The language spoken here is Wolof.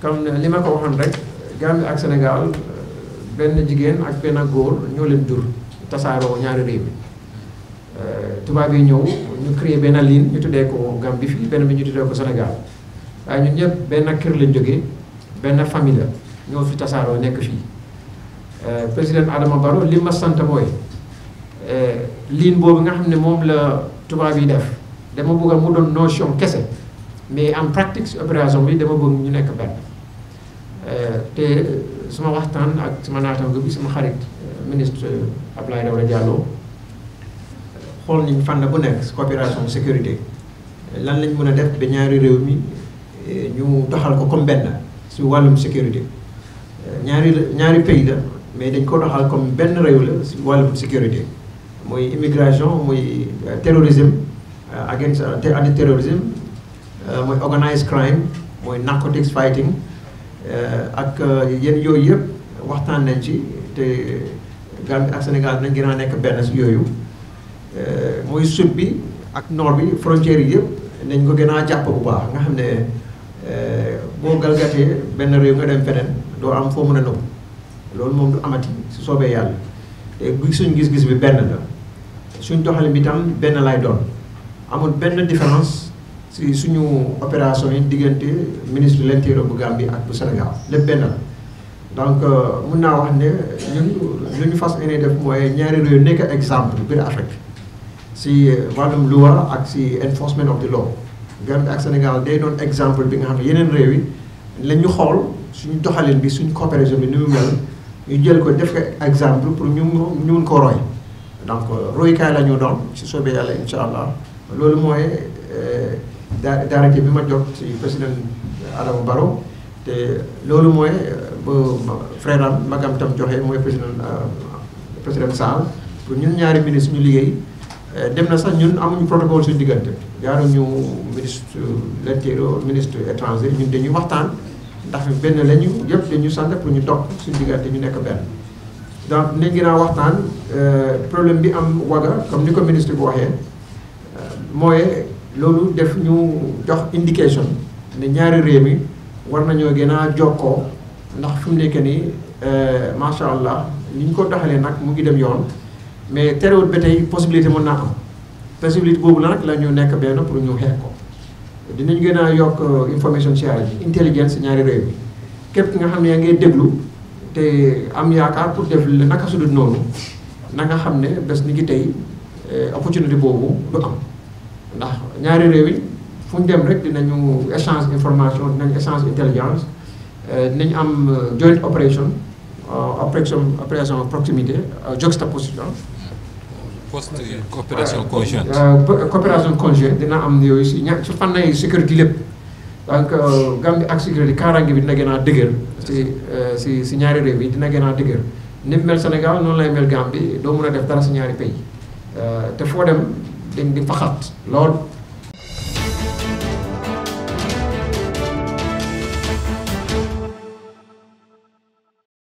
comme li ma ko waxoon rek Gambie ak Sénégal benn jigéen ak benn góor ñoo leen jur tasaaroo ñaari réew mi tubaab yi ñëw ñu créé benn ligne ñu tuddee ko Gambie fii benn bi ñu tuddee ko Sénégal waaye ñun ñëpp benn kër lañ jógee benn famille la ñoo fi tasaaroo nekk fii président Adama Barrow li ma sant mooy ligne boobu nga xam ne moom la tubaab yi def dama bëgg mu doon notion kese mais en pratique si opération bi dama bëgg ñu nekk benn euh, te euh, suma waxtaan ak suma naataango bi suma xarit euh, ministre Ablaye Dawla Diallo xool nañ fan bu nekk coopération sécurité lan lañ mën a def ba ñaari réew mi ñu doxal ko comme benn si wàllum sécurité ñaari ñaari pays la mais dañ ko doxal comme benn réew la si wàllum sécurité muy immigration muy euh, terrorisme euh, against euh, anti terrorisme muy organized crime muy narcotics fighting ak yenn yooyu yëpp waxtaan nañ ci te Gambie ak Sénégal nañ gën a nekk benn si yooyu mooy sud bi ak nord bi frontières yi yëpp nañ ko gën a jàpp bu baax nga xam ne boo galgatee benn réew nga dem feneen doo am foo mën a nëbb loolu moom du amati su soobee yàlla te gisuñ gis-gis bi benn la suñ doxalin bi tam benn lay doon amul benn différence si suñu opération yi diggante ministre de l'intérieur bu Gambie ak bu Sénégal lépp benn la donc euh, mun naa wax ne ñun lu ñu fas yéene def mooy ñaari réew nekk exemple biir Afrique si euh, wàllum ak si enforcement of the law ak Sénégal day doon exemple bi nga xam ne yeneen réew yi la ñu xool suñu doxalin bi suñ coopération bi ni mu mel ñu jël ko def ko exemple pour ñu ñu mun ko roy donc euh, royukaay la ñu doon si soobee yàlla incha allah loolu mooy euh, daa daarate bi ma jot si président Adama Barrow te loolu mooy euh, ba frère am magam tam joxe mooy président président Sall pour ñun ñaari ministre ñu liggéey dem na sax ñun amuñu protocole suñu diggante jaaruñu ministre l'intérieur ministre étranger ñun ñu waxtaan ndax benn lañu yëpp dañu sant pour ñu topp suñu diggante ñu nekk benn donc léegi naa waxtaan euh, problème bi am waga comme ni ko ministre bi waxee euh, mooy loolu def ñu jox indication ne ñaari réew mi war nañoo gën a jokkoo ndax fi mu nekk nii euh, macha allah ni ñu ko doxalee nag mu ngi dem yoon mais terewul ba tey possibilité mën naa am possibilité boobu la nag la ñu nekk benn pour ñu xeex ko dinañ gën a yokk information sharing intelligence ñaari réew mi képp ki nga xam ne yaa ngay déglu. te am yaakaar pour def la naka sudul noonu na nga xam ne bés ni ngi tey eh, opportunité boobu du am ndax ñaari réew yi fu ñu dem rek dinañu échange information dinañ échange intelligence eh, dinañ am eh, joint operation operation opération proximité juxtaposition poste coopération conjointe euh, coopération conjointe dina am yooyu si ña si fànn ay sécurité lépp donc euh, Gambie ak sécurité kaaraange bi dina gën a dëgër si euh, si si ñaari réew yi dina gën a dëgër ni mu mel Sénégal noonu lay mel Gambie doo mun a def dara si ñaari pays euh, te foo dem dañ di faxat lool.